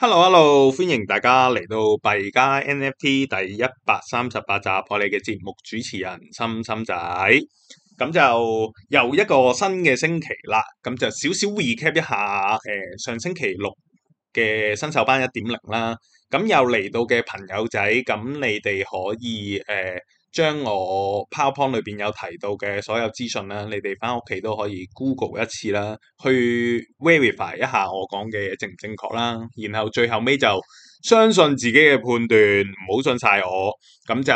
hello hello，歡迎大家嚟到幣加 NFT 第一百三十八集，我哋嘅節目主持人心心仔，咁就又一個新嘅星期啦，咁就少少 recap 一下，誒、呃、上星期六嘅新手班一點零啦，咁又嚟到嘅朋友仔，咁你哋可以誒。呃將我 PowerPoint 裏邊有提到嘅所有資訊咧，你哋翻屋企都可以 Google 一次啦，去 verify 一下我講嘅嘢正唔正確啦，然後最後尾就相信自己嘅判斷，唔好信晒我，咁就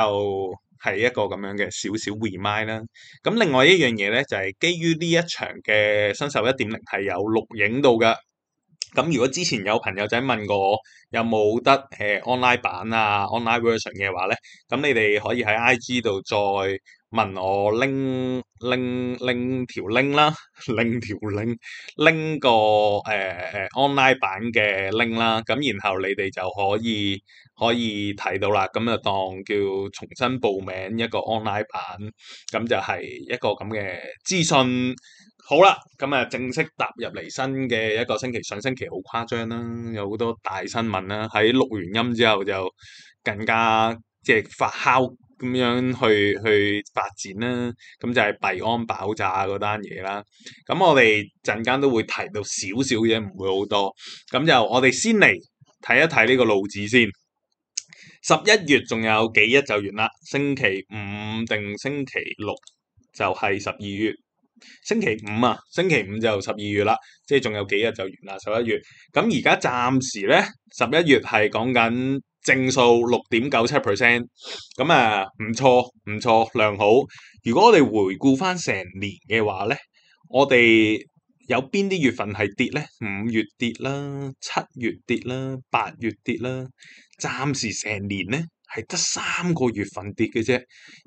係一個咁樣嘅少少 remind 啦。咁另外一樣嘢咧就係基於呢一場嘅新手班一點零係有錄影到㗎。咁如果之前有朋友仔問過我有冇得誒、呃、online 版啊 online version 嘅話咧，咁你哋可以喺 IG 度再問我拎拎拎條 link 啦，拎條 link 拎個誒誒、呃、online 版嘅 link 啦，咁然後你哋就可以可以睇到啦，咁就當叫叫重新報名一個 online 版，咁就係一個咁嘅資訊。好啦，咁啊，正式踏入嚟新嘅一個星期，上星期好誇張啦，有好多大新聞啦，喺錄完音之後就更加即係發酵咁樣去去發展啦，咁就係幣安爆炸嗰單嘢啦。咁我哋陣間都會提到少少嘢，唔會好多。咁就我哋先嚟睇一睇呢個路子先。十一月仲有幾日就完啦，星期五定星期六就係十二月。星期五啊，星期五就十二月啦，即係仲有幾日就完啦。十一月，咁而家暫時咧，十一月係講緊正數六點九七 percent，咁啊唔錯唔錯，良好。如果我哋回顧翻成年嘅話咧，我哋有邊啲月份係跌咧？五月跌啦，七月跌啦，八月跌啦，暫時成年咧係得三個月份跌嘅啫。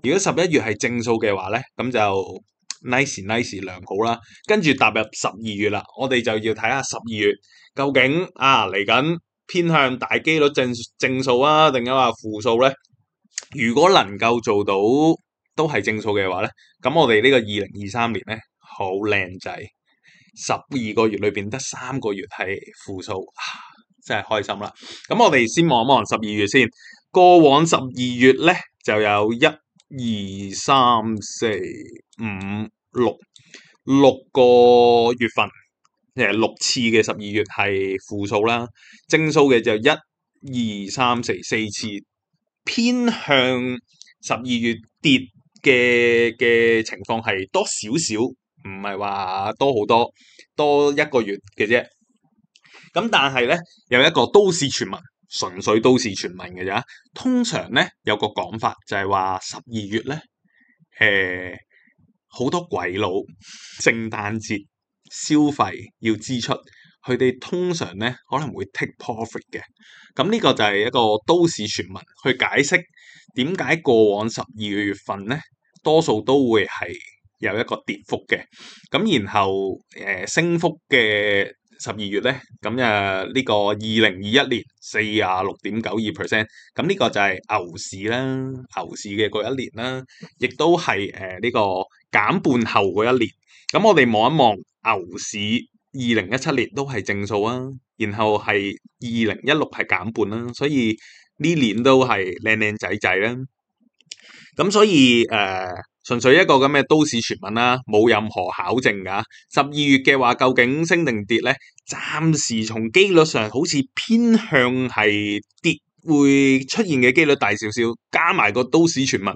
如果十一月係正數嘅話咧，咁就。nice nice 良好啦，跟住踏入十二月啦，我哋就要睇下十二月究竟啊嚟緊偏向大機率正正數啊，定係話負數咧？如果能夠做到都係正數嘅話咧，咁我哋呢個二零二三年咧好靚仔，十二個月裏邊得三個月係負數，啊，真係開心啦！咁我哋先望一望十二月先，過往十二月咧就有一。二三四五六六個，月份，誒六次嘅十二月係負數啦，正數嘅就一二三四四次，偏向十二月跌嘅嘅情況係多少少，唔係話多好多，多一個月嘅啫。咁但係咧有一個都市傳聞。純粹都市傳聞嘅咋，通常咧有個講法就係話十二月咧，誒、呃、好多鬼佬聖誕節消費要支出，佢哋通常咧可能會 take profit 嘅。咁、嗯、呢、呢個就係一個都市傳聞，去解釋點解過往十二月份咧多數都會係有一個跌幅嘅。咁、嗯、然後誒、呃、升幅嘅。十二月咧，咁誒、呢個二零二一年四十六點九二 percent，咁呢個就係牛市啦，牛市嘅嗰一年啦，亦都係誒、呢個減半後嗰一年。咁我哋望一望牛市二零一七年都係正數啊，然後係二零一六係減半啦，所以呢年都係靚靚仔仔仔啦。咁所以誒。呃純粹一個咁嘅都市傳聞啦，冇任何考證噶。十二月嘅話，究竟升定跌咧？暫時從機率上，好似偏向係跌，會出現嘅機率大少少。加埋個都市傳聞，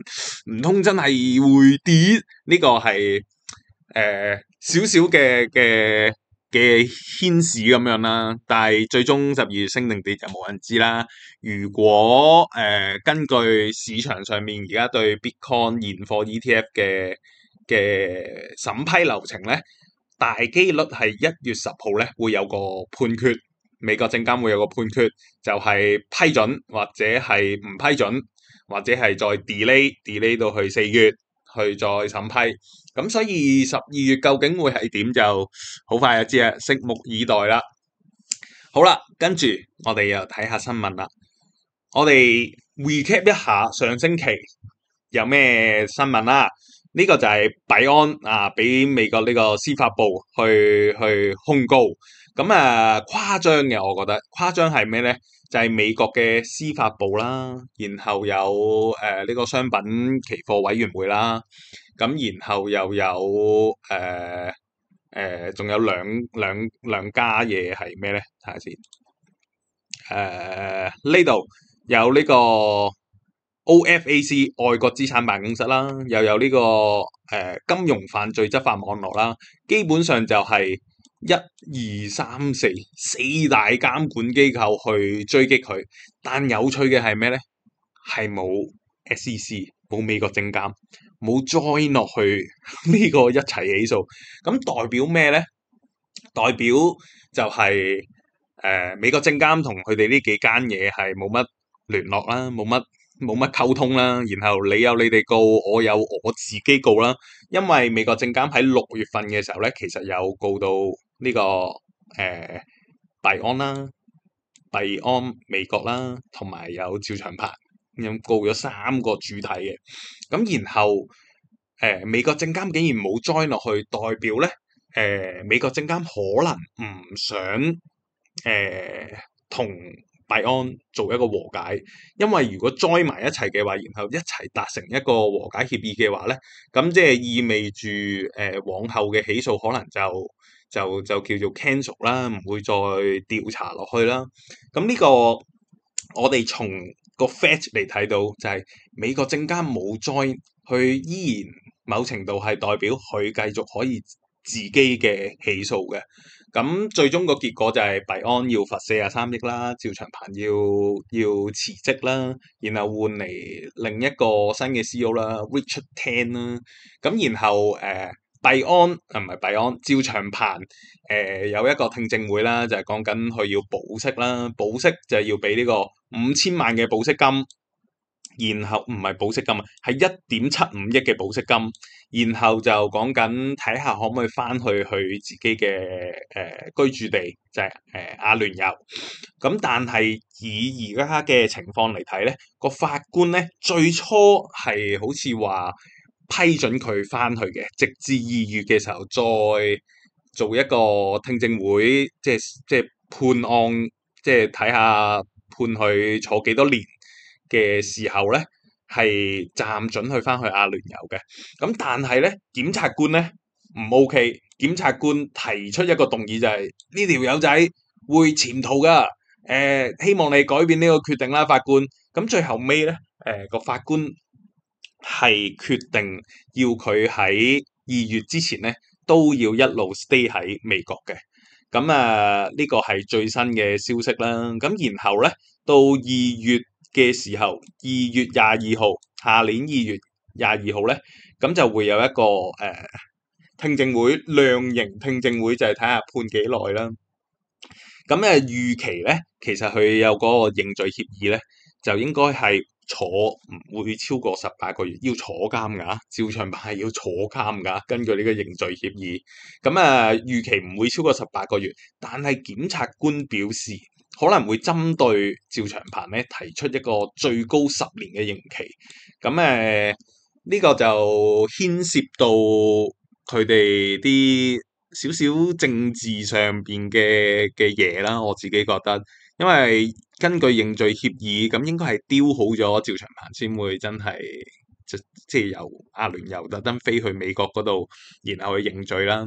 唔通真係會跌？呢個係誒少少嘅嘅。嘅牽使咁樣啦，但係最終十二月升定跌就冇人知啦。如果誒、呃、根據市場上面而家對 Bitcoin 現貨 ETF 嘅嘅審批流程咧，大機率係一月十號咧會有個判決，美國證監會有個判決，就係批准或者係唔批准，或者係再 delay delay 到去四月去再審批。咁所以十二月究竟會係點就好快就知啦，拭目以待啦。好啦，跟住我哋又睇下新聞啦。我哋 recap 一下上星期有咩新聞啦？呢、這個就係幣安啊，俾美國呢個司法部去去控告。咁、嗯、啊誇張嘅，我覺得誇張係咩咧？就係、是、美國嘅司法部啦，然後有誒呢、呃這個商品期貨委員會啦。咁然後又有誒誒，仲、呃呃、有兩兩兩家嘢係咩咧？睇下先。誒呢度有呢個 OFAC 外國資產辦公室啦，又有呢、這個誒、呃、金融犯罪執法網絡啦。基本上就係一二三四四大監管機構去追擊佢。但有趣嘅係咩咧？係冇 SEC 冇美國證監。冇 join 落去呢、這個一齊起，起訴，咁代表咩咧？代表就係、是、誒、呃、美國證監同佢哋呢幾間嘢係冇乜聯絡啦，冇乜冇乜溝通啦。然後你有你哋告，我有我自己告啦。因為美國證監喺六月份嘅時候咧，其實有告到呢、這個誒幣、呃、安啦、幣安美國啦，同埋有趙長柏。咁告咗三個主體嘅，咁然後誒、呃、美國證監竟然冇 join 落去，代表咧誒、呃、美國證監可能唔想誒同幣安做一個和解，因為如果 join 埋一齊嘅話，然後一齊達成一個和解協議嘅話咧，咁即係意味住誒、呃、往後嘅起訴可能就就就叫做 cancel 啦，唔會再調查落去啦。咁呢、這個我哋從個 fetch 嚟睇到就係美國證監冇 join 佢依然某程度係代表佢繼續可以自己嘅起訴嘅。咁最終個結果就係幣安要罰四廿三億啦，趙長鵬要要辭職啦，然後換嚟另一個新嘅 CEO 啦，Richard Teng 啦。咁然後誒。Uh, 幣安啊，唔係幣安，趙長鵬誒、呃、有一個聽證會啦，就係講緊佢要保釋啦，保釋就係要俾呢個五千萬嘅保釋金，然後唔係保釋金啊，係一點七五億嘅保釋金，然後就講緊睇下可唔可以翻去佢自己嘅誒、呃、居住地，就係誒阿聯酋。咁、呃、但係以而家嘅情況嚟睇咧，嗰個法官咧最初係好似話。批准佢翻去嘅，直至二月嘅時候再做一個聽證會，即係即係判案，即係睇下判佢坐幾多年嘅時候咧，係暫准佢翻去阿聯酋嘅。咁但係咧，檢察官咧唔 OK，檢察官提出一個動議就係呢條友仔會潛逃噶，誒、呃、希望你改變呢個決定啦，法官。咁最後尾咧，誒、呃、個法官。係決定要佢喺二月之前咧，都要一路 stay 喺美國嘅。咁啊，呢個係最新嘅消息啦。咁然後咧，到二月嘅時候，二月廿二號，下年二月廿二號咧，咁就會有一個誒、呃、聽證會，量刑聽證會就係睇下判幾耐啦。咁誒預期咧，其實佢有嗰個認罪協議咧，就應該係。坐唔會超過十八個月，要坐監㗎，趙長鵬係要坐監㗎。根據呢個認罪協議，咁誒、呃、預期唔會超過十八個月，但係檢察官表示可能會針對趙長鵬呢提出一個最高十年嘅刑期。咁誒呢個就牽涉到佢哋啲少少政治上面嘅嘅嘢啦，我自己覺得。因為根據認罪協議，咁應該係丟好咗趙長鵬，先會真係即係由阿聯酋特登飛去美國嗰度，然後去認罪啦。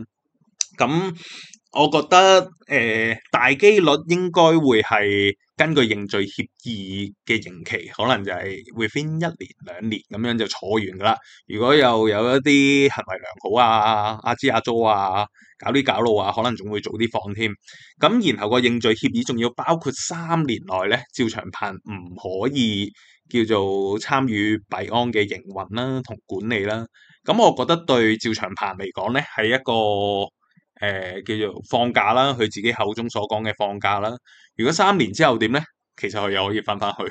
咁。我覺得誒、呃、大機率應該會係根據認罪協議嘅刑期，可能就係會分一年兩年咁樣就坐完噶啦。如果又有一啲行為良好啊、阿支阿租啊、搞啲搞路啊，可能仲會早啲放添。咁然後個認罪協議仲要包括三年內咧，趙長鵬唔可以叫做參與幣安嘅營運啦同管理啦。咁我覺得對趙長鵬嚟講咧，係一個。誒、呃，叫做放假啦，佢自己口中所講嘅放假啦。如果三年之後點咧？其實佢又可以翻翻去。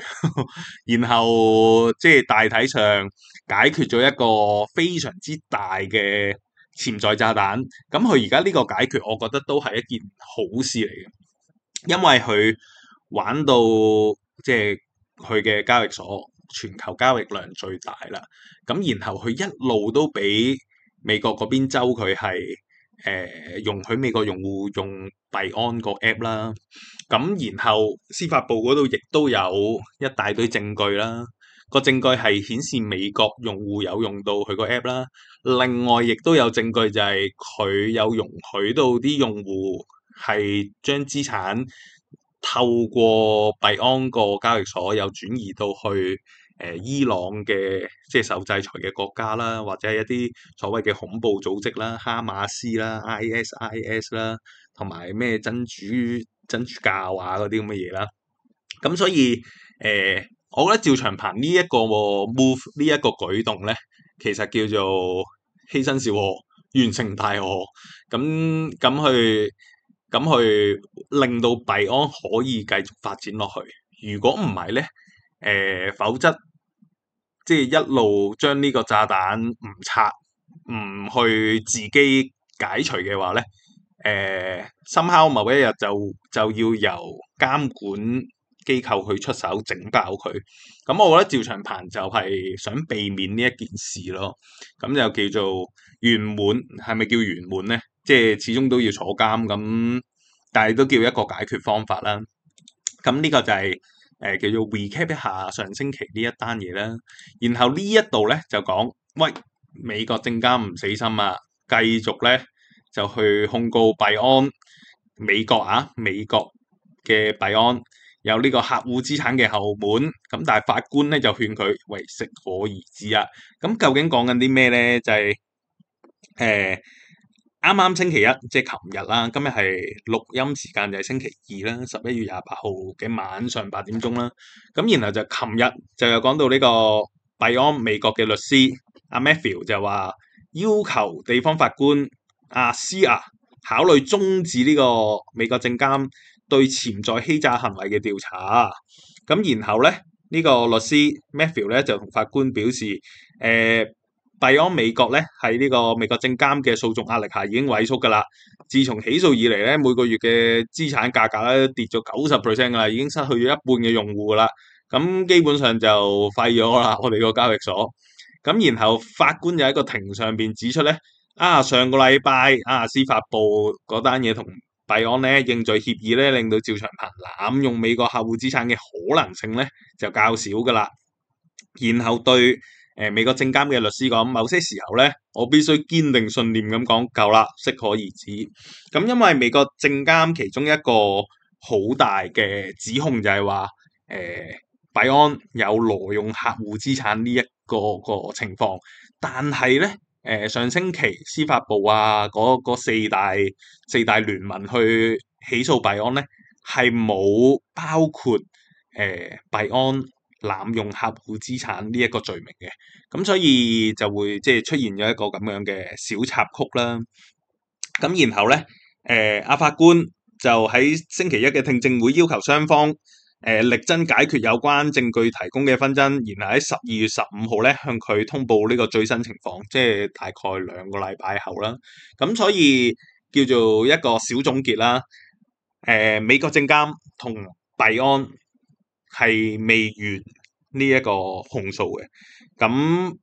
然後即係、就是、大體上解決咗一個非常之大嘅潛在炸彈。咁佢而家呢個解決，我覺得都係一件好事嚟嘅，因為佢玩到即係佢嘅交易所全球交易量最大啦。咁然後佢一路都俾美國嗰邊周，佢係。誒、呃、容許美國用戶用幣安個 app 啦，咁然後司法部嗰度亦都有一大堆證據啦。個證據係顯示美國用戶有用到佢個 app 啦。另外亦都有證據就係佢有容許到啲用戶係將資產透過幣安個交易所又轉移到去。誒、呃、伊朗嘅即係受制裁嘅國家啦，或者係一啲所謂嘅恐怖組織啦、哈馬斯啦、IS、ISIS 啦，同埋咩真主真主教啊嗰啲咁嘅嘢啦。咁、嗯、所以誒、呃，我覺得趙長鵬呢一個 move，呢一個舉動咧，其實叫做犧牲小我，完成大我。咁、嗯、咁、嗯、去咁、嗯、去令到幣安可以繼續發展落去。如果唔係咧？誒、呃，否則即係一路將呢個炸彈唔拆，唔去自己解除嘅話咧，誒、呃，深敲某一日就就要由監管機構去出手整爆佢。咁、嗯，我覺得趙長鵬就係想避免呢一件事咯。咁、嗯、就叫做圓滿，係咪叫圓滿咧？即、就、係、是、始終都要坐監，咁但係都叫一個解決方法啦。咁、嗯、呢、這個就係、是。誒、呃、叫做 recap 一下上星期呢一單嘢啦，然後呢一度咧就講，喂，美國證監唔死心啊，繼續咧就去控告幣安美國啊，美國嘅幣安有呢個客戶資產嘅後門，咁但係法官咧就勸佢，喂，適可而止啊，咁究竟講緊啲咩咧？就係、是、誒。呃啱啱星期一，即係琴日啦。今日係錄音時間，就係、是、星期二啦，十一月廿八號嘅晚上八點鐘啦。咁然後就琴日就又講到呢個幣安美國嘅律師阿 Matthew 就話要求地方法官阿 Zia 考慮中止呢個美國證監對潛在欺詐行為嘅調查。咁然後咧，呢、這個律師 Matthew 咧就同法官表示，誒、呃。幣安美國咧喺呢個美國證監嘅訴訟壓力下已經萎縮噶啦，自從起訴以嚟咧每個月嘅資產價格咧跌咗九十 percent 啦，已經失去咗一半嘅用戶噶啦，咁基本上就廢咗啦，我哋個交易所。咁然後法官就喺個庭上邊指出咧，啊上個禮拜啊司法部嗰單嘢同幣安咧認罪協議咧令到趙長鵬濫用美國客戶資產嘅可能性咧就較少噶啦，然後對。誒、呃、美國證監嘅律師講，某些時候咧，我必須堅定信念咁講夠啦，適可而止。咁、嗯、因為美國證監其中一個好大嘅指控就係話，誒、呃、幣安有挪用客戶資產呢、這、一個、這個情況，但係咧，誒、呃、上星期司法部啊，嗰四大四大聯盟去起訴幣安咧，係冇包括誒、呃、幣安。濫用客戶資產呢一個罪名嘅，咁所以就會即係、就是、出現咗一個咁樣嘅小插曲啦。咁然後咧，誒、呃、阿法官就喺星期一嘅聽證會要求雙方誒、呃、力爭解決有關證據提供嘅紛爭，然後喺十二月十五號咧向佢通報呢個最新情況，即、就、係、是、大概兩個禮拜後啦。咁所以叫做一個小總結啦。誒、呃、美國證監同幣安。係未完呢一個控訴嘅，咁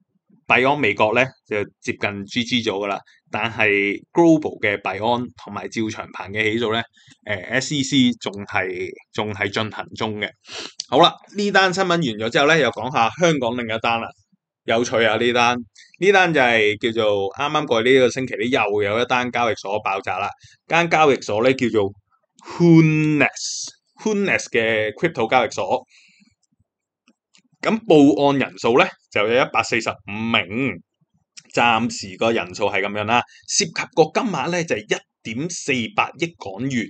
幣安美國咧就接近 GG 咗噶啦，但係 Global 嘅幣安同埋趙長鵬嘅起訴咧，誒、呃、SEC 仲係仲係進行中嘅。好啦，呢單新聞完咗之後咧，又講下香港另一單啦，有趣啊，呢單，呢單就係叫做啱啱過去呢個星期啲又有一單交易所爆炸啦，間交易所咧叫做 Hooness。p n e s s 嘅 crypto 交易所，咁報案人數咧就有一百四十五名，暫時個人數係咁樣啦。涉及個金額咧就係一點四八億港元，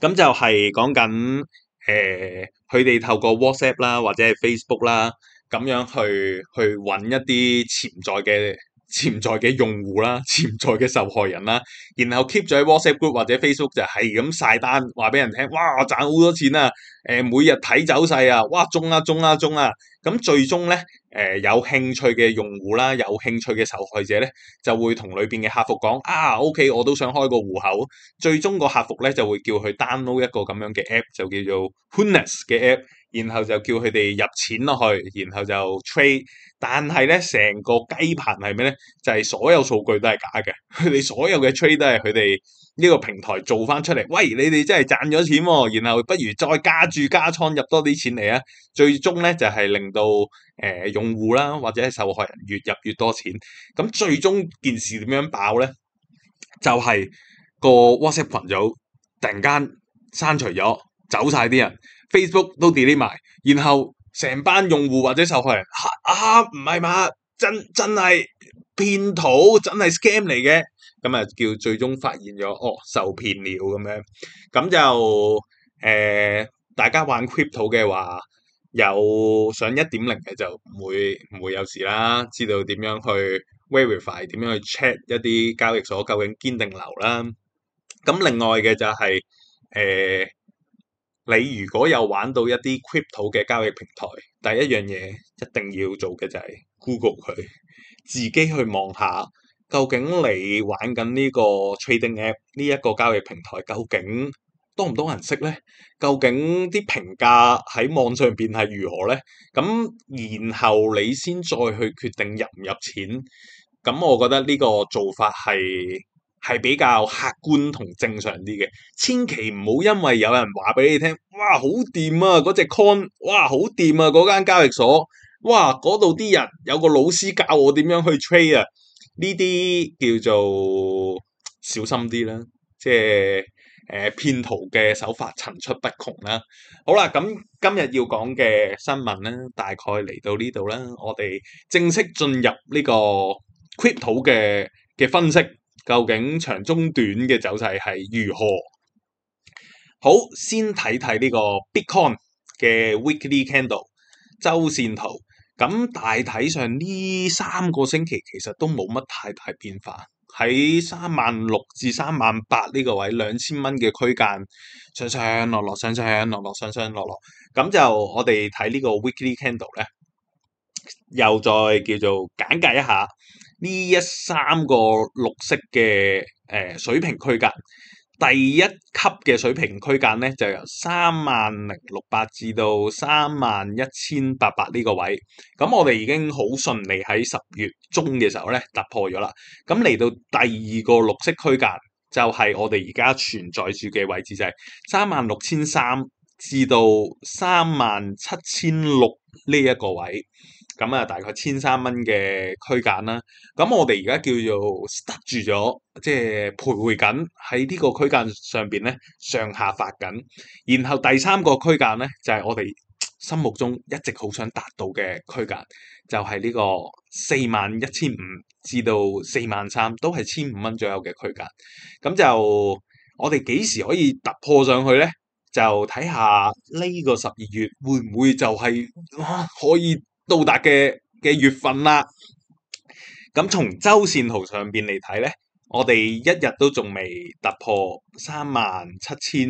咁就係講緊誒，佢、呃、哋透過 WhatsApp 啦或者係 Facebook 啦咁樣去去揾一啲潛在嘅。潛在嘅用戶啦，潛在嘅受害人啦，然後 keep 咗喺 WhatsApp group 或者 Facebook 就係咁晒單，話俾人聽，哇我賺好多錢啊！誒、呃、每日睇走勢啊，哇中啊中啊中啊！咁、啊啊啊、最終咧誒有興趣嘅用戶啦，有興趣嘅受害者咧就會同裏邊嘅客服講啊 OK 我都想開個戶口，最終個客服咧就會叫佢 download 一個咁樣嘅 app 就叫做 Hooness 嘅 app。然後就叫佢哋入錢落去，然後就 trade。但係咧，成個雞盤係咩咧？就係、是、所有數據都係假嘅，你所有嘅 trade 都係佢哋呢個平台做翻出嚟。喂，你哋真係賺咗錢，哦，然後不如再加注加倉入多啲錢嚟啊！最終咧就係、是、令到誒、呃、用戶啦或者受害人越入越多錢。咁最終件事點樣爆咧？就係、是、個 WhatsApp 群就突然間刪除咗，走晒啲人。Facebook 都 delete 埋，然後成班用戶或者受害人啊唔係嘛，真真係騙徒，真係 scam 嚟嘅，咁啊叫最終發現咗哦受騙了咁樣，咁就誒、呃、大家玩 crypto 嘅話，有上一點零嘅就唔會唔會有事啦，知道點樣去 verify，點樣去 check 一啲交易所究竟堅定流啦，咁另外嘅就係、是、誒。呃你如果有玩到一啲 crypto 嘅交易平台，第一樣嘢一定要做嘅就係 Google 佢，自己去望下究竟你玩緊呢個 trading app 呢一個交易平台究竟多唔多人識咧？究竟啲評價喺網上邊係如何咧？咁然後你先再去決定入唔入錢，咁我覺得呢個做法係。係比較客觀同正常啲嘅，千祈唔好因為有人話俾你聽，哇好掂啊，嗰隻 Coin，哇好掂啊，嗰間交易所，哇嗰度啲人有個老師教我點樣去 Trade 啊，呢啲叫做小心啲啦，即係誒騙徒嘅手法層出不窮啦。好啦，咁今日要講嘅新聞咧，大概嚟到呢度啦，我哋正式進入呢個 Crypto 嘅嘅分析。究竟長中短嘅走勢係如何？好，先睇睇呢個 Bitcoin 嘅 Weekly Candle 周線圖。咁大體上呢三個星期其實都冇乜太大變化，喺三萬六至三萬八呢個位兩千蚊嘅區間上上落落，上上落落，上上落落。咁就我哋睇呢個 Weekly Candle 咧，又再叫做簡介一下。呢一三個綠色嘅誒、呃、水平區間，第一級嘅水平區間咧，就由三萬零六百至到三萬一千八百呢個位，咁我哋已經好順利喺十月中嘅時候咧突破咗啦。咁嚟到第二個綠色區間，就係、是、我哋而家存在住嘅位置，就係三萬六千三至到三萬七千六呢一個位。咁啊，大概千三蚊嘅區間啦。咁我哋而家叫做 stuck 住咗，即係徘徊緊喺呢個區間上邊咧，上下發緊。然後第三個區間咧，就係我哋心目中一直好想達到嘅區間，就係呢個四萬一千五至到四萬三，都係千五蚊左右嘅區間。咁就我哋幾時可以突破上去咧？就睇下呢個十二月會唔會就係，啊，可以。到達嘅嘅月份啦，咁從周線圖上邊嚟睇咧，我哋一日都仲未突破三萬七千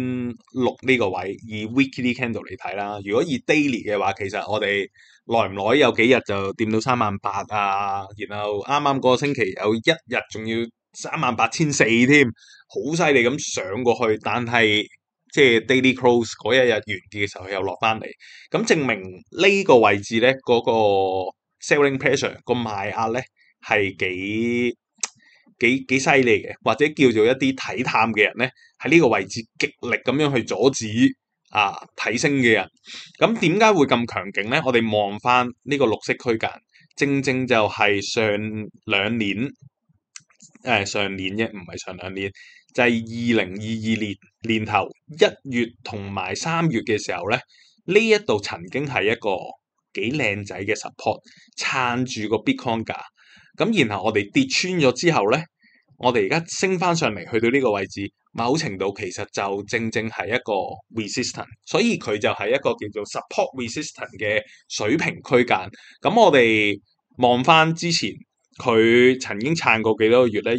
六呢個位。以 weekly candle 嚟睇啦，如果以 daily 嘅話，其實我哋耐唔耐有幾日就掂到三萬八啊，然後啱啱嗰個星期有一日仲要三萬八千四添，好犀利咁上過去，但係。即係 daily close 嗰一日完結嘅時候，佢又落翻嚟，咁證明呢個位置咧，嗰個 selling pressure 個賣壓咧係幾幾幾犀利嘅，或者叫做一啲睇淡嘅人咧，喺呢個位置極力咁樣去阻止啊睇升嘅人。咁點解會咁強勁咧？我哋望翻呢個綠色區間，正正就係上兩年誒上年啫，唔係上兩年。呃就係二零二二年年頭一月同埋三月嘅時候咧，呢一度曾經係一個幾靚仔嘅 support 撐住個 Bitcoin 價。咁然後我哋跌穿咗之後咧，我哋而家升翻上嚟去到呢個位置，某程度其實就正正係一個 resistant，所以佢就係一個叫做 support resistant 嘅水平區間。咁我哋望翻之前佢曾經撐過幾多個月咧？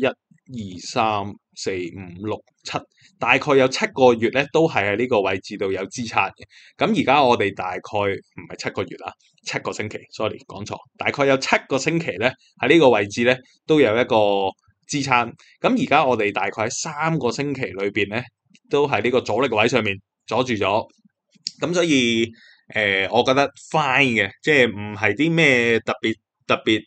一、二、三。四五六七，4, 5, 6, 7, 大概有七個月咧，都係喺呢個位置度有支撐嘅。咁而家我哋大概唔係七個月啦，七個星期。sorry，講錯。大概有七個星期咧，喺呢個位置咧都有一個支撐。咁而家我哋大概三個星期裏邊咧，都係呢個阻力位上面阻住咗。咁所以誒、呃，我覺得 fine 嘅，即係唔係啲咩特別特別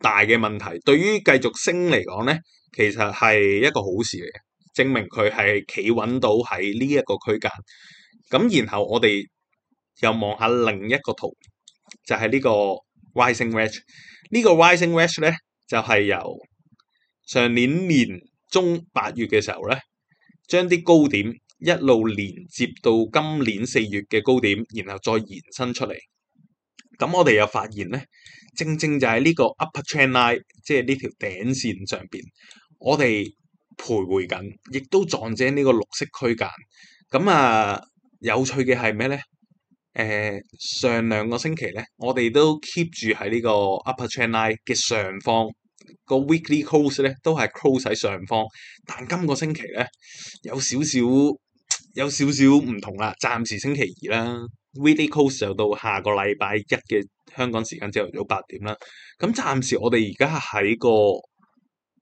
大嘅問題。對於繼續升嚟講咧。其實係一個好事嚟嘅，證明佢係企穩到喺呢一個區間。咁然後我哋又望下另一個圖，就係、是這個、呢個 rising wedge。呢個 rising wedge 咧，就係、是、由上年年中八月嘅時候咧，將啲高點一路連接到今年四月嘅高點，然後再延伸出嚟。咁我哋又發現咧，正正就係呢個 up trend line，即係呢條頂線上邊。我哋徘徊緊，亦都撞正呢個綠色區間。咁啊，有趣嘅係咩咧？誒、呃，上兩個星期咧，我哋都 keep 住喺呢個 upper trend line 嘅上方，個 weekly close 咧都係 close 喺上方。但今個星期咧，有少少有少少唔同啦。暫時星期二啦，weekly close 就到下個禮拜一嘅香港時間朝頭早八點啦。咁暫時我哋而家喺個，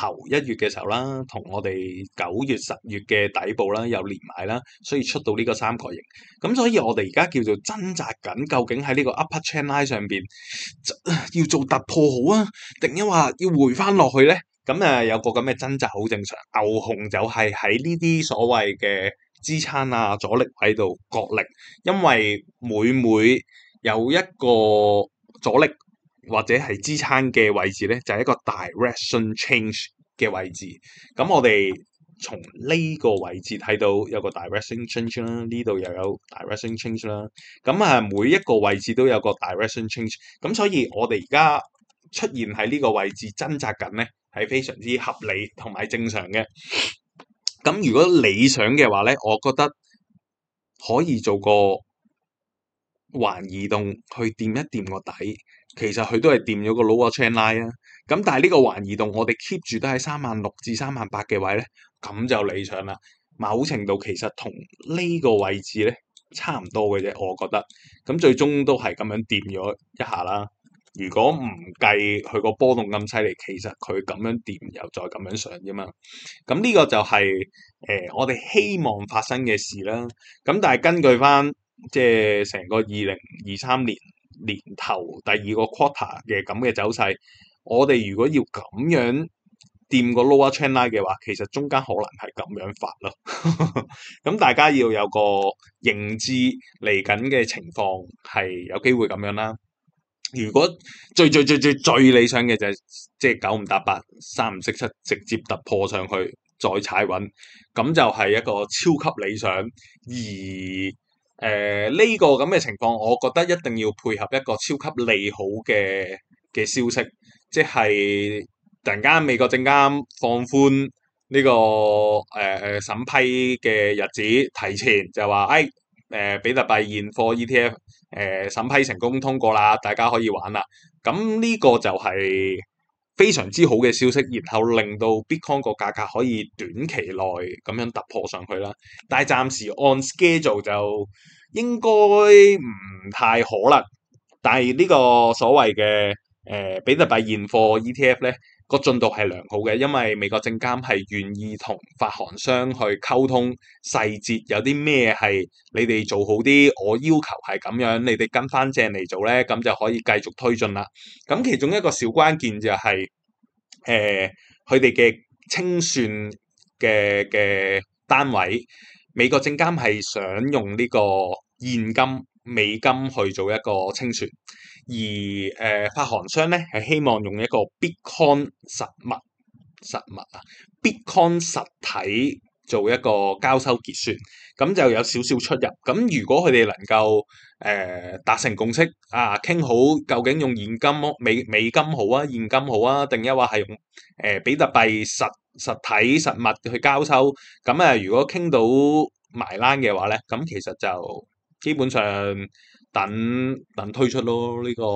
頭一月嘅時候啦，同我哋九月、十月嘅底部啦，又連埋啦，所以出到呢個三角形。咁所以我哋而家叫做掙扎緊，究竟喺呢個 upper trend line 上邊要做突破好啊，定抑話要回翻落去咧？咁誒有個咁嘅掙扎好正常。牛熊就係喺呢啲所謂嘅支撐啊、阻力喺度角力，因為每每有一個阻力。或者係支撐嘅位置咧，就係一個 direction change 嘅位置。咁我哋從呢個位置睇到有個 direction change 啦，呢度又有 direction change 啦。咁啊，每一個位置都有個 direction change。咁所以我哋而家出現喺呢個位置掙扎緊咧，係非常之合理同埋正常嘅。咁如果理想嘅話咧，我覺得可以做個環移動去掂一掂個底。其實佢都係掂咗個 lower channel line 啊，咁但係呢個環移動，我哋 keep 住都喺三萬六至三萬八嘅位咧，咁就理想啦。某程度其實同呢個位置咧差唔多嘅啫，我覺得。咁最終都係咁樣掂咗一下啦。如果唔計佢個波動咁犀利，其實佢咁樣掂又再咁樣上啫嘛。咁呢個就係、是、誒、呃、我哋希望發生嘅事啦。咁但係根據翻即係成個二零二三年。年頭第二個 quarter 嘅咁嘅走勢，我哋如果要咁樣掂個 lower trend line 嘅話，其實中間可能係咁樣發咯。咁、 嗯、大家要有個認知，嚟緊嘅情況係有機會咁樣啦。如果最最最最最理想嘅就係即係九唔搭八，三唔識七，直接突破上去再踩穩，咁就係一個超級理想。而誒呢、呃這個咁嘅情況，我覺得一定要配合一個超級利好嘅嘅消息，即係突然間美國證監放寬呢、這個誒誒審批嘅日子提前，就話誒誒比特幣現貨 ETF 誒、呃、審批成功通過啦，大家可以玩啦。咁呢個就係、是。非常之好嘅消息，然後令到 Bitcoin 個價格可以短期內咁樣突破上去啦。但係暫時按 schedule 就應該唔太可能。但係呢個所謂嘅誒比特幣現貨 ETF 咧。個進度係良好嘅，因為美國證監係願意同發行商去溝通細節，有啲咩係你哋做好啲，我要求係咁樣，你哋跟翻正嚟做咧，咁就可以繼續推進啦。咁其中一個小關鍵就係、是，誒、呃，佢哋嘅清算嘅嘅單位，美國證監係想用呢個現金美金去做一個清算。而誒、呃、發行商咧係希望用一個 Bitcoin 實物實物啊，Bitcoin 實體做一個交收結算，咁就有少少出入。咁如果佢哋能夠誒、呃、達成共識啊，傾好究竟用現金、美美金好啊，現金好啊，定又話係用誒比特幣實實體實物去交收，咁啊、呃，如果傾到埋單嘅話咧，咁其實就基本上。等等推出咯！呢、這個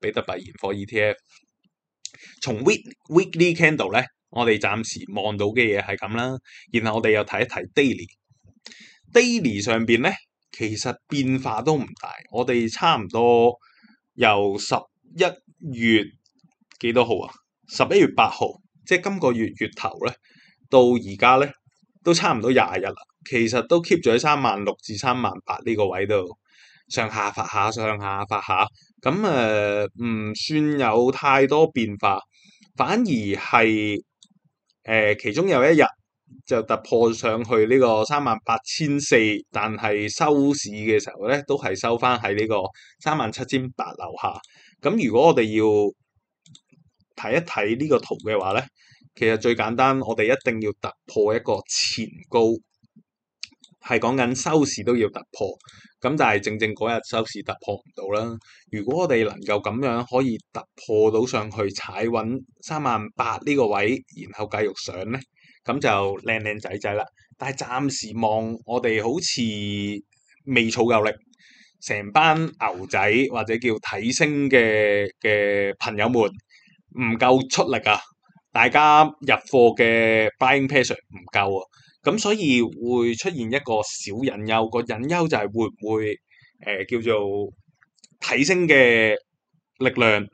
比特幣現貨 ETF，從 week weekly candle 咧，我哋暫時望到嘅嘢係咁啦。然後我哋又睇一睇 da daily，daily 上邊咧，其實變化都唔大。我哋差唔多由十一月幾多號啊？十一月八號，即係今個月月頭咧，到而家咧，都差唔多廿日啦。其實都 keep 咗喺三萬六至三萬八呢個位度。上下發下，上下發下，咁誒唔算有太多變化，反而係誒、呃、其中有一日就突破上去呢個三萬八千四，但係收市嘅時候咧，都係收翻喺呢個三萬七千八樓下。咁如果我哋要睇一睇呢個圖嘅話咧，其實最簡單，我哋一定要突破一個前高。係講緊收市都要突破，咁但係正正嗰日收市突破唔到啦。如果我哋能夠咁樣可以突破到上去踩穩三萬八呢個位，然後繼續上咧，咁就靚靚仔仔啦。但係暫時望我哋好似未儲夠力，成班牛仔或者叫睇升嘅嘅朋友們唔夠出力啊！大家入貨嘅 buying pressure 唔夠啊！咁所以會出現一個小隱憂，個隱憂就係會唔會誒、呃、叫做睇升嘅力量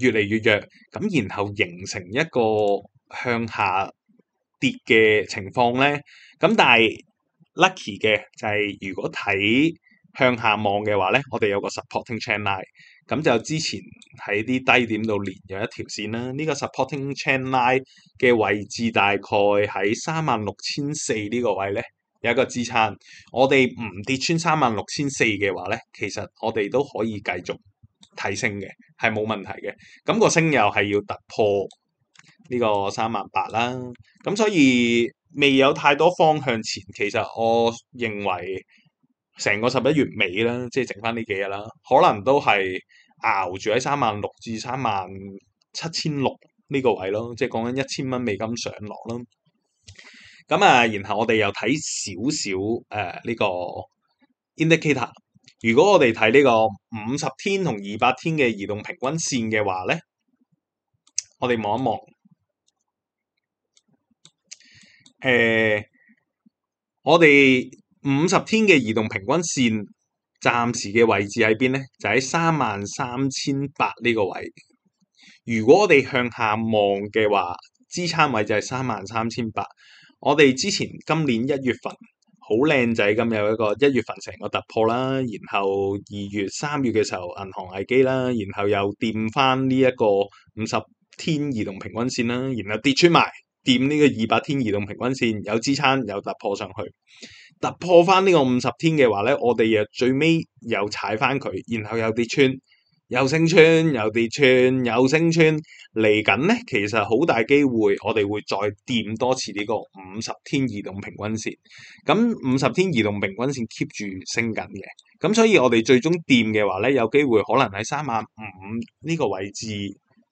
越嚟越弱，咁然後形成一個向下跌嘅情況咧。咁但係 lucky 嘅就係如果睇向下望嘅話咧，我哋有個 supporting channel。咁就之前喺啲低點度連有一條線啦，呢個 supporting trend line 嘅位置大概喺三萬六千四呢個位咧，有一個支撐。我哋唔跌穿三萬六千四嘅話咧，其實我哋都可以繼續睇升嘅，係冇問題嘅。咁個升又係要突破呢個三萬八啦。咁所以未有太多方向前，其實我認為，成個十一月尾啦，即係剩翻呢幾日啦，可能都係熬住喺三萬六至三萬七千六呢個位咯，即係講緊一千蚊美金上落咯。咁啊，然後我哋又睇少少誒呢個 indicator。如果我哋睇呢個五十天同二百天嘅移動平均線嘅話咧，我哋望一望誒，我哋。五十天嘅移動平均線暫時嘅位置喺邊呢？就喺三萬三千八呢個位。如果我哋向下望嘅話，支撐位就係三萬三千八。我哋之前今年一月份好靚仔咁有一個一月份成個突破啦，然後二月、三月嘅時候銀行危機啦，然後又掂翻呢一個五十天移動平均線啦，然後跌穿埋掂呢個二百天移動平均線，有支撐，有突破上去。突破翻呢個五十天嘅話咧，我哋又最尾又踩翻佢，然後又跌穿，又升穿，又跌穿，又跌穿，又升穿。嚟緊咧，其實好大機會，我哋會再掂多次呢個五十天移動平均線。咁五十天移動平均線 keep 住升緊嘅，咁所以我哋最終掂嘅話咧，有機會可能喺三萬五呢個位置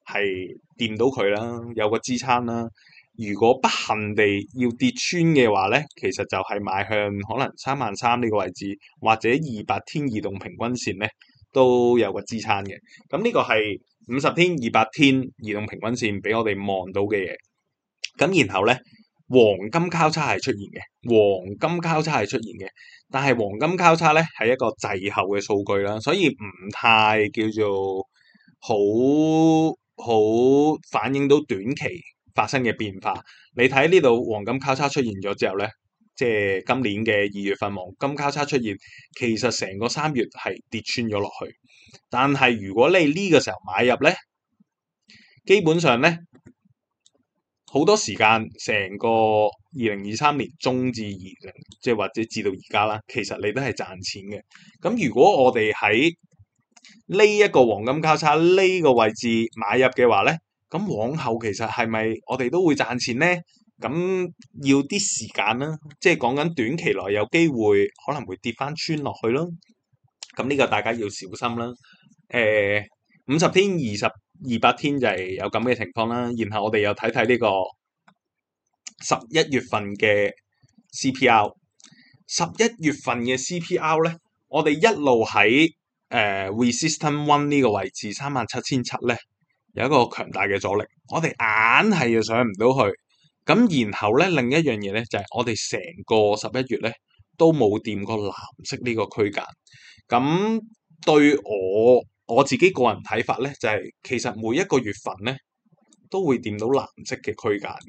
係掂到佢啦，有個支撐啦。如果不幸地要跌穿嘅話咧，其實就係邁向可能三萬三呢個位置，或者二百天移動平均線咧都有個支撐嘅。咁呢個係五十天、二百天移動平均線俾我哋望到嘅嘢。咁然後咧，黃金交叉係出現嘅，黃金交叉係出現嘅。但係黃金交叉咧係一個滯後嘅數據啦，所以唔太叫做好好反映到短期發生嘅變化，你睇呢度黃金交叉出現咗之後呢，即係今年嘅二月份黃金交叉出現，其實成個三月係跌穿咗落去。但係如果你呢個時候買入呢，基本上呢，好多時間，成個二零二三年中至二零，即係或者至到而家啦，其實你都係賺錢嘅。咁如果我哋喺呢一個黃金交叉呢個位置買入嘅話呢，咁往後其實係咪我哋都會賺錢咧？咁要啲時間啦，即係講緊短期內有機會可能會跌翻穿落去咯。咁呢個大家要小心啦。誒、呃，五十天、二十二百天就係有咁嘅情況啦。然後我哋又睇睇呢個十一月份嘅 CPR 十一月份嘅 CPR 咧，我哋一路喺誒 Resistance one 呢個位置三萬七千七咧。37，有一個強大嘅阻力，我哋硬係又上唔到去。咁然後咧，另一樣嘢咧就係、是、我哋成個十一月咧都冇掂過藍色呢個區間。咁對我我自己個人睇法咧，就係、是、其實每一個月份咧都會掂到藍色嘅區間嘅。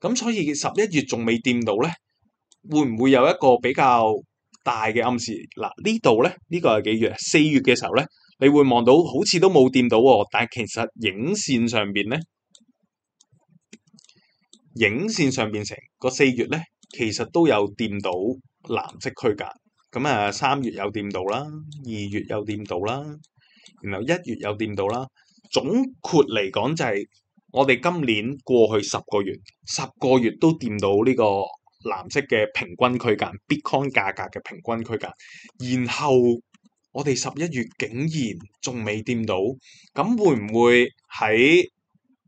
咁所以十一月仲未掂到咧，會唔會有一個比較大嘅暗示？嗱呢度咧，呢個係幾月？四月嘅時候咧。你會望到好似都冇掂到喎、哦，但係其實影線上邊咧，影線上邊成個四月咧，其實都有掂到藍色區間。咁啊，三月有掂到啦，二月有掂到啦，然後一月有掂到啦。總括嚟講，就係我哋今年過去十個月，十個月都掂到呢個藍色嘅平均區間，Bitcoin 價格嘅平均區間，然後，我哋十一月竟然仲未掂到，咁會唔會喺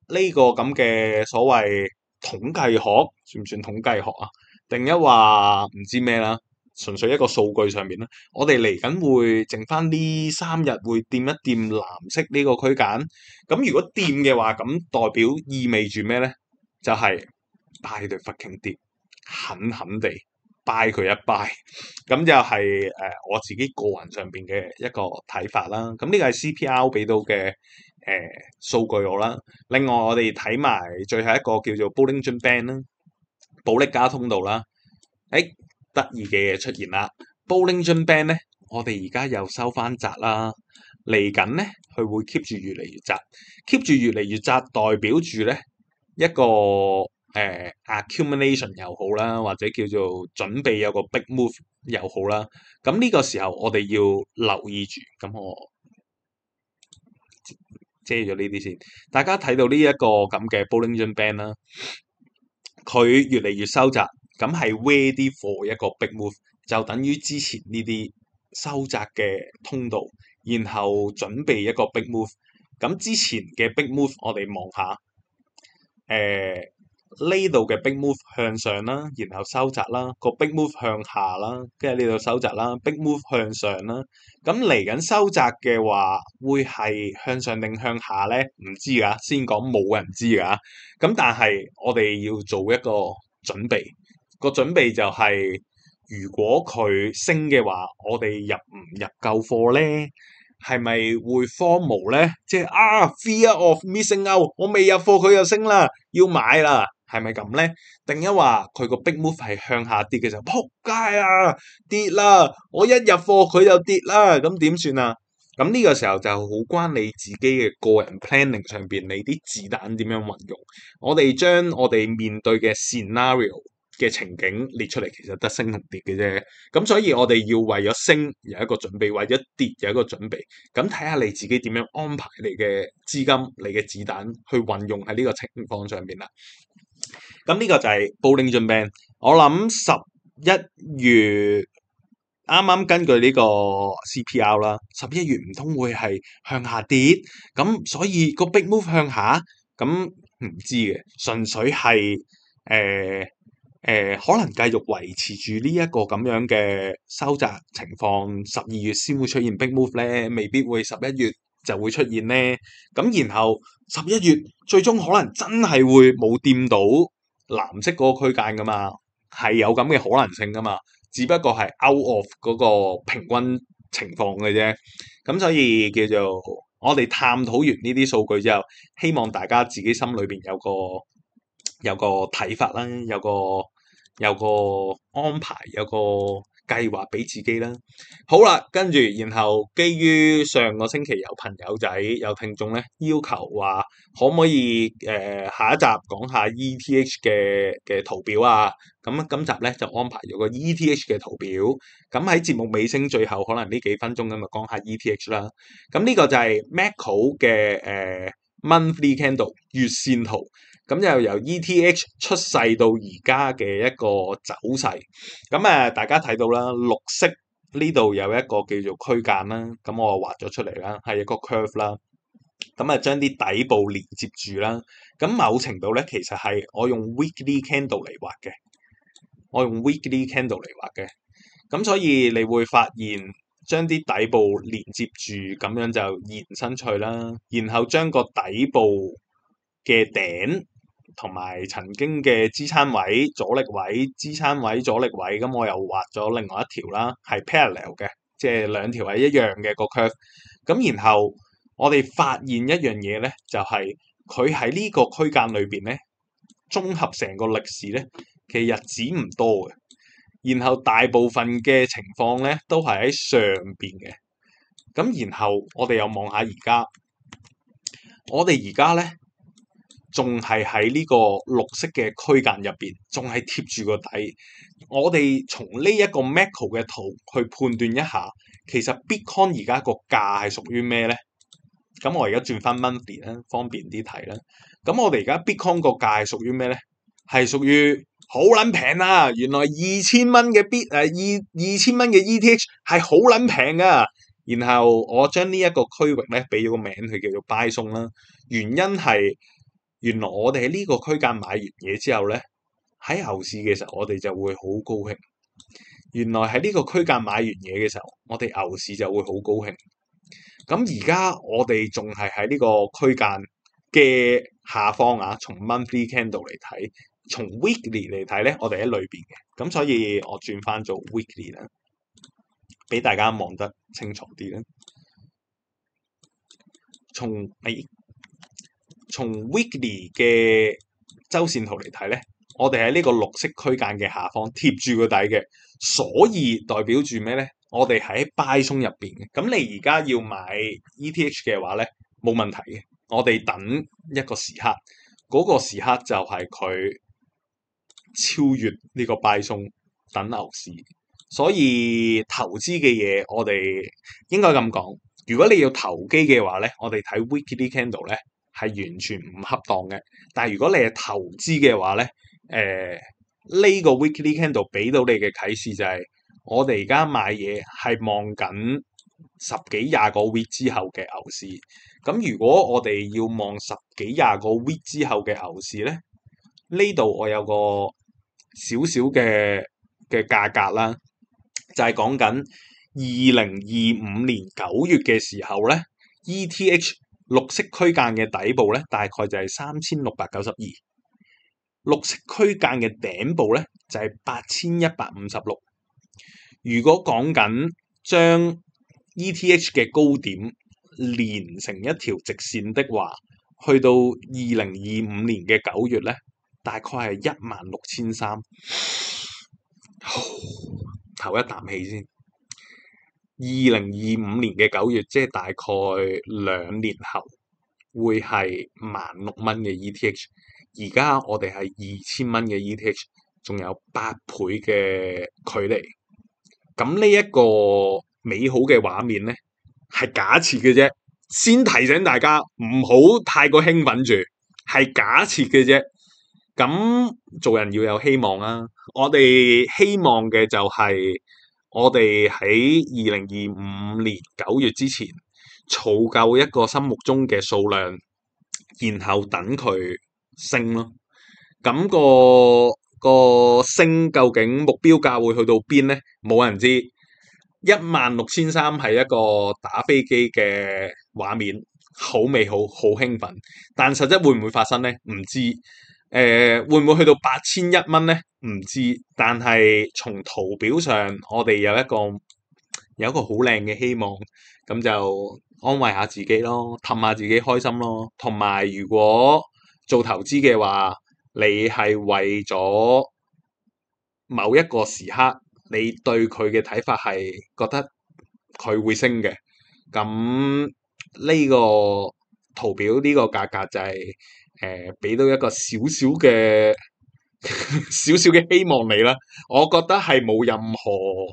呢個咁嘅所謂統計學算唔算統計學啊？定一話唔知咩啦，純粹一個數據上面啦。我哋嚟緊會剩翻呢三日會掂一掂藍色呢個區間，咁如果掂嘅話，咁代表意味住咩咧？就係、是、大對佛瓊跌狠狠地。拜佢一拜，咁就係、是、誒、呃、我自己個人上邊嘅一個睇法啦。咁、嗯、呢、這個係 CPR 俾到嘅誒數據好啦。另外我哋睇埋最後一個叫做 Bollinger Band 啦，保力加通道啦。誒，得意嘅嘢出現啦。Bollinger Band 咧，我哋而家又收翻窄啦。嚟緊咧，佢會 keep 住越嚟越窄，keep 住越嚟越窄，代表住咧一個。誒、呃、accumulation 又好啦，或者叫做準備有個 big move 又好啦，咁、這、呢個時候我哋要留意住，咁我遮咗呢啲先。大家睇到呢、這、一個咁嘅 Bollinger Band 啦，佢越嚟越收窄，咁係 ready for 一個 big move，就等於之前呢啲收窄嘅通道，然後準備一個 big move。咁之前嘅 big move 我哋望下，誒、呃。呢度嘅 big move 向上啦，然後收窄啦，個 big move 向下啦，跟住呢度收窄啦，big move 向上啦。咁嚟緊收窄嘅話，會係向上定向下咧唔知噶，先講，冇人知噶。咁但係我哋要做一個準備，個準備就係、是、如果佢升嘅話，我哋入唔入夠貨咧？係咪會 FOMO 咧？即係啊，fear of missing out，我未入貨佢就升啦，要買啦。係咪咁咧？定一話佢個 big move 係向下跌嘅時候，撲街啊跌啦！我一入貨佢就跌啦，咁點算啊？咁呢個時候就好關你自己嘅個人 planning 上邊，你啲子彈點樣運用？我哋將我哋面對嘅 scenario 嘅情景列出嚟，其實得升同跌嘅啫。咁所以我哋要為咗升有一個準備，為咗跌有一個準備。咁睇下你自己點樣安排你嘅資金、你嘅子彈去運用喺呢個情況上邊啦。咁呢個就係布林軌 band 我諗十一月啱啱根據呢個 CPR 啦，十一月唔通會係向下跌，咁所以個 big move 向下，咁唔知嘅，純粹係誒誒可能繼續維持住呢一個咁樣嘅收窄情況，十二月先會出現 big move 咧，未必會十一月就會出現咧，咁然後十一月最終可能真係會冇掂到。藍色嗰個區間噶嘛，係有咁嘅可能性噶嘛，只不過係 out of 嗰個平均情況嘅啫。咁所以叫做我哋探討完呢啲數據之後，希望大家自己心裏邊有個有個睇法啦，有個有個安排，有個計劃俾自己啦。好啦，跟住然後基於上個星期有朋友仔有聽眾咧要求話，可唔可以誒、呃、下一集講下 ETH 嘅嘅圖表啊？咁、嗯、今集咧就安排咗個 ETH 嘅圖表。咁喺節目尾聲最後，可能呢幾分鐘咁啊，講下 ETH 啦。咁、嗯、呢、這個就係 Macro 嘅誒。呃 Monthly candle 月線圖，咁又由 ETH 出世到而家嘅一個走勢，咁誒大家睇到啦，綠色呢度有一個叫做區間啦，咁我畫咗出嚟啦，係一個 curve 啦，咁誒將啲底部連接住啦，咁某程度咧其實係我用 weekly candle 嚟畫嘅，我用 weekly candle 嚟畫嘅，咁所以你會發現，將啲底部連接住，咁樣就延伸出去啦。然後將個底部嘅頂同埋曾經嘅支撐位、阻力位、支撐位、阻力位，咁我又畫咗另外一條啦，係 parallel 嘅，即係兩條係一樣嘅個 curve。咁 cur 然後我哋發現一樣嘢咧，就係佢喺呢個區間裏邊咧，綜合成個歷史咧，其實日子唔多嘅。然後大部分嘅情況咧，都係喺上邊嘅。咁然後我哋又望下而家，我哋而家咧仲係喺呢個綠色嘅區間入邊，仲係貼住個底。我哋從呢一個 MACD 嘅圖去判斷一下，其實 Bitcoin 而家個價係屬於咩咧？咁我而家轉翻 Monday 咧，方便啲睇啦。咁我哋而家 Bitcoin 個價係屬於咩咧？係屬於。好捻平啊！原來二千蚊嘅 b 誒，二二千蚊嘅 ETH 係好捻平噶。然後我將呢一個區域咧俾咗個名佢叫做 Buy Zone 啦。原因係原來我哋喺呢個區間買完嘢之後咧，喺牛市嘅時候我哋就會好高興。原來喺呢個區間買完嘢嘅時候，我哋牛市就會好高興。咁而家我哋仲係喺呢個區間嘅下方啊，從 Monthly Candle 嚟睇。從 weekly 嚟睇咧，我哋喺裏邊嘅，咁所以我轉翻做 weekly 啦，俾大家望得清楚啲咧。從誒、哎，從 weekly 嘅周線圖嚟睇咧，我哋喺呢個綠色區間嘅下方貼住個底嘅，所以代表住咩咧？我哋喺 buy zone 入邊嘅，咁你而家要買 ETH 嘅話咧，冇問題嘅。我哋等一個時刻，嗰、那個時刻就係佢。超越呢個拜送等牛市，所以投資嘅嘢我哋應該咁講。如果你要投機嘅話咧，我哋睇 weekly candle 咧係完全唔恰當嘅。但係如果你係投資嘅話咧，誒、呃、呢、呢個 weekly candle 俾到你嘅啟示就係、是，我哋而家買嘢係望緊十幾廿個 week 之後嘅牛市。咁如果我哋要望十幾廿個 week 之後嘅牛市咧，呢度我有個，少少嘅嘅價格啦，就係講緊二零二五年九月嘅時候呢 ETH 綠色區間嘅底部呢，大概就係三千六百九十二；綠色區間嘅頂部呢，就係八千一百五十六。如果講緊將 ETH 嘅高點連成一條直線的話，去到二零二五年嘅九月呢。大概係一萬六千三，唞一啖氣先。二零二五年嘅九月，即係大概兩年後，會係萬六蚊嘅 ETH。而家我哋係二千蚊嘅 ETH，仲有八倍嘅距離。咁呢一個美好嘅畫面咧，係假設嘅啫。先提醒大家，唔好太過興奮住，係假設嘅啫。咁做人要有希望啦、啊！我哋希望嘅就係、是，我哋喺二零二五年九月之前，儲夠一個心目中嘅數量，然後等佢升咯。咁、那個個升究竟目標價會去到邊呢？冇人知。一萬六千三係一個打飛機嘅畫面，好美好，好興奮，但實際會唔會發生呢？唔知。誒、呃、會唔會去到八千一蚊咧？唔知，但係從圖表上，我哋有一個有一個好靚嘅希望，咁就安慰下自己咯，氹下自己開心咯。同埋，如果做投資嘅話，你係為咗某一個時刻，你對佢嘅睇法係覺得佢會升嘅，咁呢個圖表呢、這個價格就係、是。誒，俾到一個少少嘅少少嘅希望你啦，我覺得係冇任何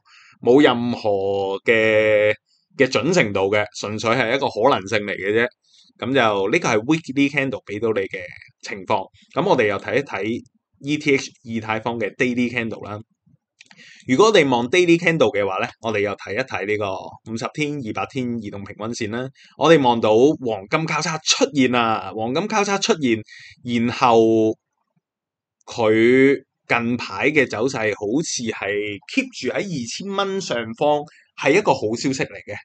冇任何嘅嘅準程度嘅，純粹係一個可能性嚟嘅啫。咁就呢個係 Weekly Candle 俾到你嘅情況。咁我哋又睇一睇 ETH 以太坊嘅 Daily Candle 啦。如果我哋望 daily candle 嘅話咧，我哋又睇一睇呢個五十天、二百天移動平均線啦。我哋望到黃金交叉出現啦，黃金交叉出現，然後佢近排嘅走勢好似係 keep 住喺二千蚊上方，係一個好消息嚟嘅。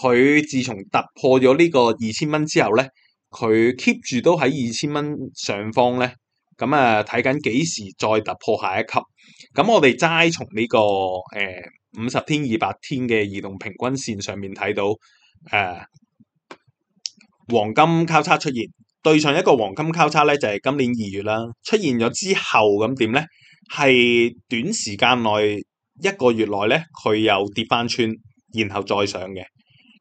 佢自從突破咗呢個二千蚊之後咧，佢 keep 住都喺二千蚊上方咧。咁啊，睇緊幾時再突破下一級？咁我哋齋從呢個誒五十天、二百天嘅移動平均線上面睇到誒、呃、黃金交叉出現。對上一個黃金交叉咧，就係、是、今年二月啦。出現咗之後咁點咧？係短時間內一個月內咧，佢又跌翻穿，然後再上嘅。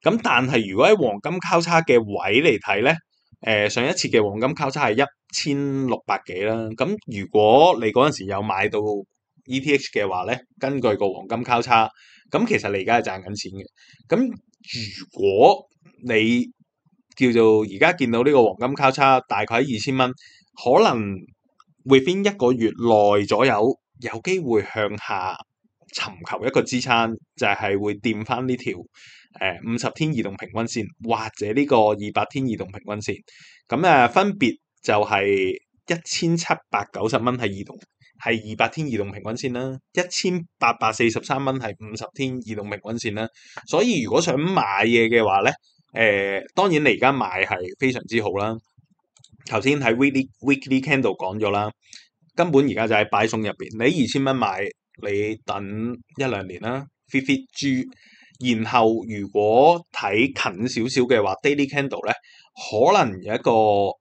咁但係如果喺黃金交叉嘅位嚟睇咧？誒、呃、上一次嘅黃金交叉係一千六百幾啦，咁、嗯、如果你嗰陣時有買到 ETH 嘅話咧，根據個黃金交叉，咁、嗯、其實你而家係賺緊錢嘅。咁、嗯、如果你叫做而家見到呢個黃金交叉大概喺二千蚊，可能會喺一個月內左右有機會向下尋求一個支撐，就係、是、會掂翻呢條。誒五十天移動平均線或者呢個二百天移動平均線，咁誒分別就係一千七百九十蚊係移動係二百天移動平均線啦，一千八百四十三蚊係五十天移動平均線啦。所以如果想買嘢嘅話咧，誒、呃、當然你而家買係非常之好啦。頭先喺 weekly weekly candle 講咗啦，根本而家就喺擺送入邊。你二千蚊買，你等一兩年啦 f i fit 豬。然後，如果睇近少少嘅話，Daily Candle 咧，可能有一個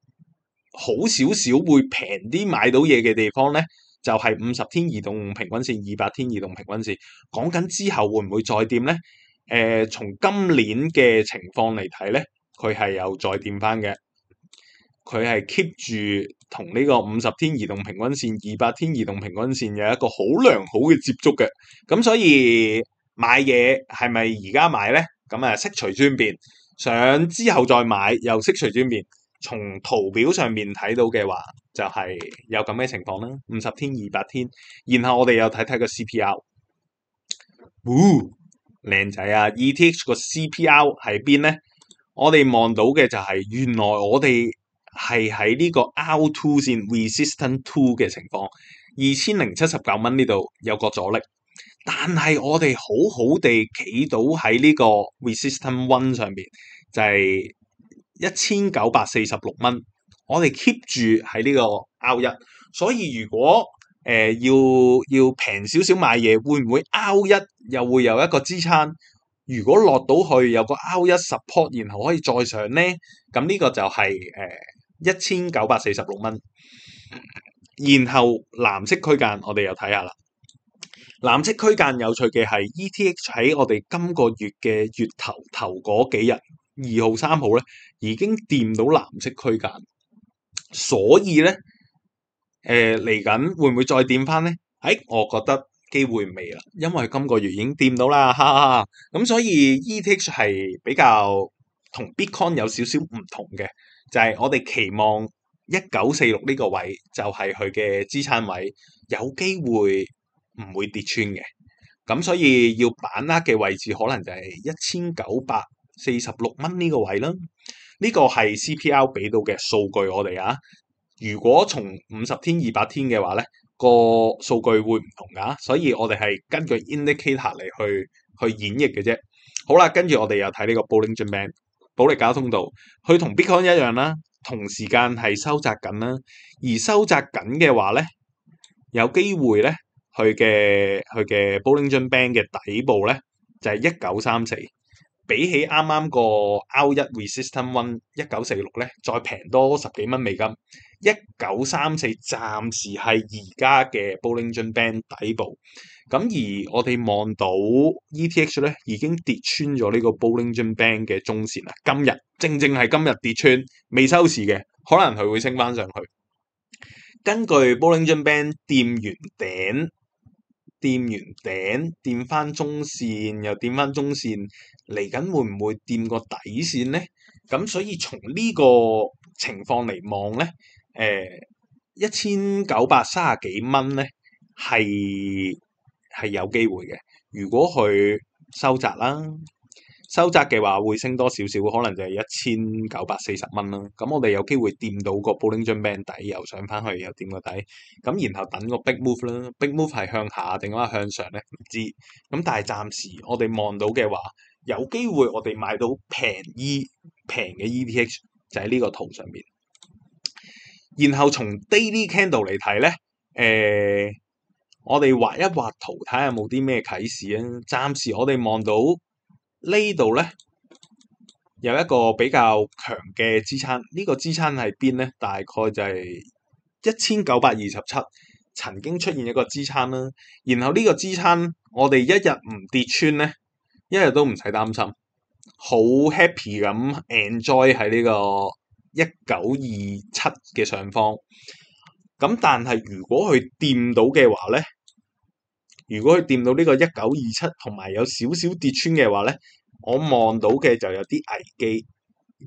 好少少會平啲買到嘢嘅地方咧，就係五十天移動平均線、二百天移動平均線。講緊之後會唔會再掂咧？誒、呃，從今年嘅情況嚟睇咧，佢係有再掂返嘅。佢係 keep 住同呢個五十天移動平均線、二百天移動平均線有一個好良好嘅接觸嘅，咁所以。買嘢係咪而家買咧？咁啊，識除轉變，想之後再買又識除轉變。從圖表上面睇到嘅話，就係、是、有咁嘅情況啦。五十天、二百天，然後我哋又睇睇個 CPR。唔、哦、靚仔啊！ETH 個 CPR 喺邊咧？我哋望到嘅就係原來我哋係喺呢個 R two 線 Resistance two 嘅情況，二千零七十九蚊呢度有個阻力。但係我哋好好地企到喺呢個，就是，個 resistance one 上邊，就係一千九百四十六蚊。我哋 keep 住喺呢個 R 一，所以如果誒、呃、要要平少少買嘢，會唔會 R 一又會有一個支撐？如果落到去有個 R 一 support，然後可以再上呢。咁呢個就係誒一千九百四十六蚊。然後藍色區間我哋又睇下啦。藍色區間有趣嘅係 ETH 喺我哋今個月嘅月頭頭嗰幾日二號三號咧，已經掂到藍色區間，所以咧誒，嚟緊會唔會再掂翻咧？誒、哎，我覺得機會未啦，因為今個月已經掂到啦，咁所以 ETH 係比較點點同 Bitcoin 有少少唔同嘅，就係、是、我哋期望一九四六呢個位就係佢嘅支撐位，有機會。唔會跌穿嘅，咁所以要把握嘅位置可能就係一千九百四十六蚊呢個位啦。呢、這個係 CPR 俾到嘅數據，我哋啊，如果從五十天、二百天嘅話咧，個數據會唔同噶、啊。所以我哋係根據 indicator 嚟去去演繹嘅啫。好啦，跟住我哋又睇呢個 Bollinger channel，保利交通道，佢同 Bitcoin 一樣啦、啊，同時間係收窄緊啦、啊。而收窄緊嘅話咧，有機會咧。佢嘅佢嘅 Bollinger Band 嘅底部咧就係一九三四，比起啱啱個 R1 Resistance One 一九四六咧再平多十幾蚊美金，一九三四暫時係而家嘅 Bollinger Band 底部。咁而我哋望到 ETH 咧已經跌穿咗呢個 Bollinger Band 嘅中線啦，今日正正係今日跌穿未收市嘅，可能佢會升返上去。根據 Bollinger Band 店員頂。掂完頂，掂翻中線，又掂翻中線，嚟緊會唔會掂個底線咧？咁所以從呢個情況嚟望咧，誒、呃，一千九百三十幾蚊咧係係有機會嘅，如果佢收窄啦。收窄嘅話，會升多少少？可能就係一千九百四十蚊啦。咁我哋有機會掂到個 Bollinger Band 底，又上翻去，又掂個底。咁然後等個 big move 啦，big move 係向下定或者向上咧？唔知。咁但係暫時我哋望到嘅話，有機會我哋買到平 E 平嘅 ETH 就喺呢個圖上面。然後從 daily candle 嚟睇咧，誒、呃，我哋畫一畫圖睇下有冇啲咩啟示啊？暫時我哋望到。呢度呢，有一個比較強嘅支撐，呢個支撐係邊呢？大概就係一千九百二十七，曾經出現一個支撐啦。然後呢個支撐，我哋一日唔跌穿呢，一日都唔使擔心，好 happy 咁 enjoy 喺呢個一九二七嘅上方。咁但係如果佢掂到嘅話呢？如果佢掂到呢個一九二七同埋有少少跌穿嘅話咧，我望到嘅就有啲危機，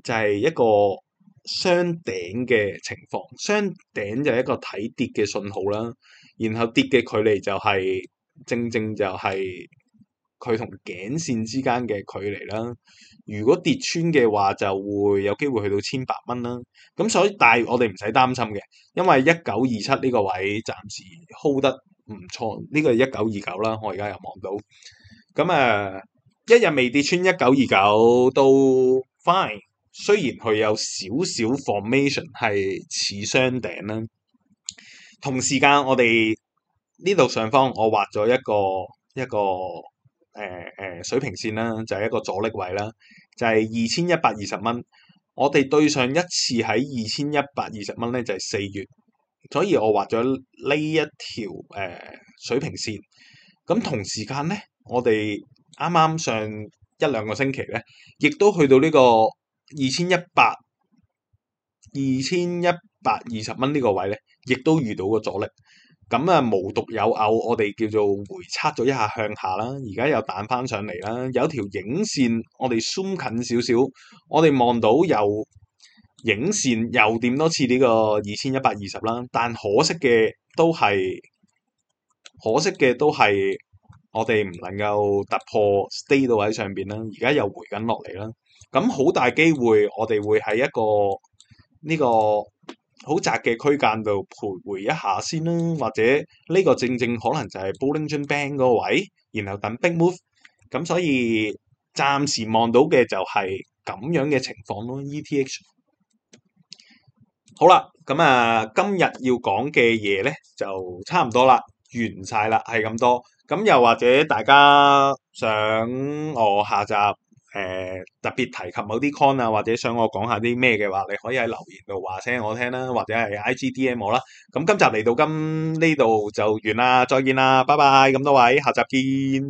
就係一個雙頂嘅情況，雙頂就係一個睇跌嘅信號啦。然後跌嘅距離就係正正就係佢同頸線之間嘅距離啦。如果跌穿嘅話，就會有機會去到千八蚊啦。咁所以但係我哋唔使擔心嘅，因為一九二七呢個位暫時 hold 得。唔錯呢、這個係一九二九啦，我而家又望到。咁誒，一日未跌穿一九二九都 fine。雖然佢有少少 formation 係似雙頂啦。同時間我哋呢度上方我畫咗一個一個誒誒、呃呃、水平線啦，就係、是、一個阻力位啦，就係二千一百二十蚊。我哋對上一次喺二千一百二十蚊咧，就係、是、四月。所以我畫咗呢一條誒、呃、水平線，咁同時間咧，我哋啱啱上一兩個星期咧，亦都去到呢個二千一百、二千一百二十蚊呢個位咧，亦都遇到個阻力。咁啊，無獨有偶，我哋叫做回測咗一下向下啦，而家又彈翻上嚟啦，有條影線，我哋 zoom 近少少，我哋望到有。影線又點多次呢個二千一百二十啦，但可惜嘅都係可惜嘅都係我哋唔能夠突破 stay 到喺上邊啦，而家又回緊落嚟啦。咁好大機會我哋會喺一個呢、這個好窄嘅區間度徘徊一下先啦，或者呢個正正可能就係 Bollinger Band 個位，然後等 Big Move。咁所以暫時望到嘅就係咁樣嘅情況咯，ETH。E 好啦，咁、嗯、啊，今日要講嘅嘢咧就差唔多啦，完晒啦，係咁多。咁、嗯、又或者大家想我下集誒、呃、特別提及某啲 con 啊，或者想我講下啲咩嘅話，你可以喺留言度話聲我聽啦，或者係 I G D M 我啦。咁、嗯、今集嚟到今呢度就完啦，再見啦，拜拜，咁多位，下集見。